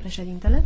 Președintele.